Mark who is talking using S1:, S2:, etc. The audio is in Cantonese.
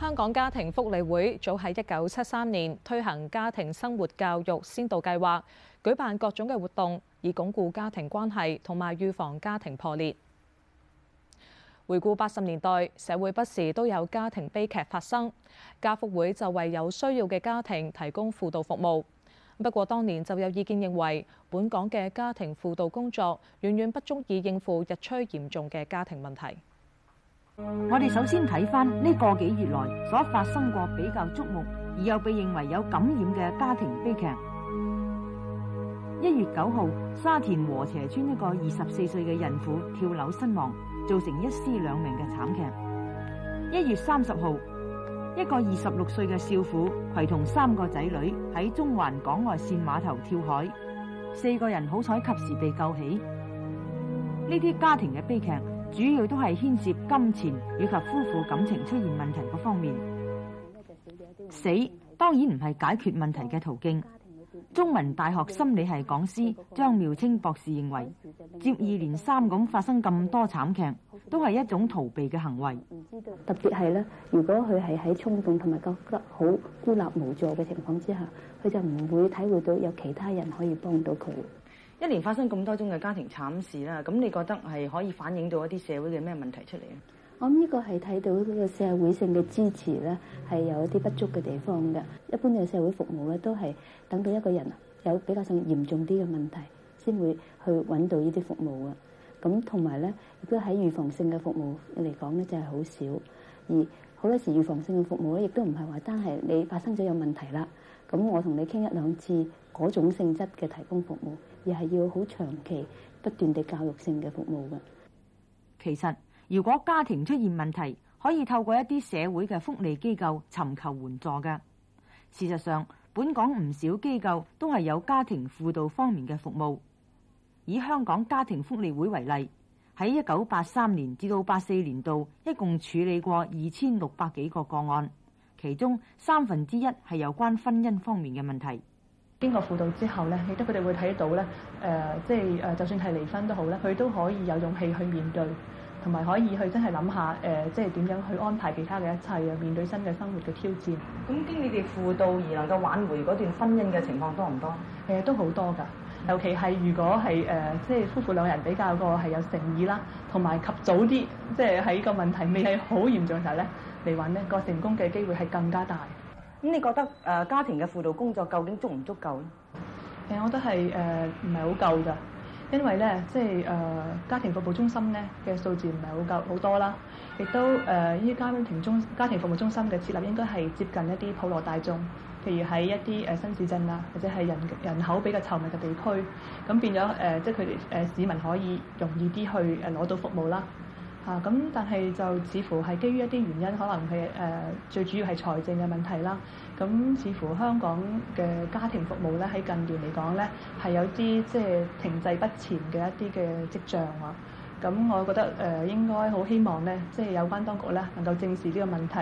S1: 香港家庭福利會早喺一九七三年推行家庭生活教育先導計劃，舉辦各種嘅活動，以鞏固家庭關係同埋預防家庭破裂。回顧八十年代，社會不時都有家庭悲劇發生，家福會就為有需要嘅家庭提供輔導服務。不過當年就有意見認為，本港嘅家庭輔導工作
S2: 遠遠不足以應付日趨嚴重嘅家庭問題。
S1: 我哋首先睇
S2: 翻呢個幾月來所發生過比較矚目而又被認為有感染嘅家庭悲劇。一月九號，沙田禾輋邨一個二十四歲嘅孕婦跳樓身亡，造成一屍兩命嘅慘劇。一月三十號，一個二十六歲嘅少婦攜同三個仔女喺中環港外線碼頭跳海，四個人好彩及時被救起。呢啲家庭嘅悲劇，主要都係牽涉金錢以及夫婦感情出現問題嗰方面。死當然唔係解決問題嘅途徑。中文大學心理系講師張妙清博士認為，接二連三咁發生咁多慘劇，都係一種逃避嘅行為。特
S3: 別係咧，如果佢係喺衝動同埋覺得好孤立無助嘅情況之下，佢就唔會體會到有其他人可以幫到佢。
S2: 一年發生咁多宗嘅家庭慘事啦，咁你覺得係可以反映到一啲社會嘅咩問題出嚟？
S3: 我諗呢個係睇到嗰個社會性嘅支持咧，係有一啲不足嘅地方嘅。一般嘅社會服務咧，都係等到一個人有比較上嚴重啲嘅問題，先會去揾到呢啲服務啊。咁同埋咧，亦都喺預防性嘅服務嚟講咧，就係好少。而好多時預防性嘅服務咧，亦都唔係話單係你發生咗有問題啦，咁我同你傾一兩次嗰種性質嘅提供服務，而係要好長期不斷地教育性嘅服務嘅。其實，
S2: 如果家庭出現問題，可以透過一啲社會嘅福利機構尋求援助㗎。事實上，本港唔少機構都係有家庭輔導方面嘅服務。以香港家庭福利會為例。喺一九八三年至到八四年度，一共處理過二千六百幾個個案，其中三分之一係有關婚姻方面嘅問題。經過輔導之後咧，亦都佢哋會睇到咧，誒，即係誒，就算係離婚都
S4: 好咧，佢都可以有勇氣去面對，同埋可以去真係諗下，誒，即係點樣去安排其他嘅一切啊，面對新嘅生活嘅挑戰。咁經你哋輔導而能夠挽回嗰段婚姻嘅情況多唔多？誒，都好多㗎。尤其係如果係誒，即、呃、係、就是、夫婦兩人比較個係有誠意啦，同埋及早啲，即係喺個問題未係好嚴重嘅時候咧嚟揾呢，玩呢、呢個成功嘅機會係更加大。咁、嗯、你覺得誒、呃、家庭嘅輔導工作究竟足唔足夠咧？誒、嗯，我都係誒唔係好夠嘅，因為咧即係誒家庭服務中心咧嘅數字唔係好夠好多啦，亦都誒依、呃、家庭中家庭服務中心嘅設立應該係接近一啲普羅大眾。譬如喺一啲誒新市鎮啊，或者係人人口比較稠密嘅地區，咁變咗誒，即係佢哋誒市民可以容易啲去誒攞到服務啦，吓、啊，咁，但係就似乎係基於一啲原因，可能係誒、呃、最主要係財政嘅問題啦。咁似乎香港嘅家庭服務咧，喺近年嚟講咧，係有啲即係停滯不前嘅一啲嘅跡象啊。咁我覺得誒、呃、應該好希望咧，即、就、係、是、有關當局咧能夠正視呢個問題。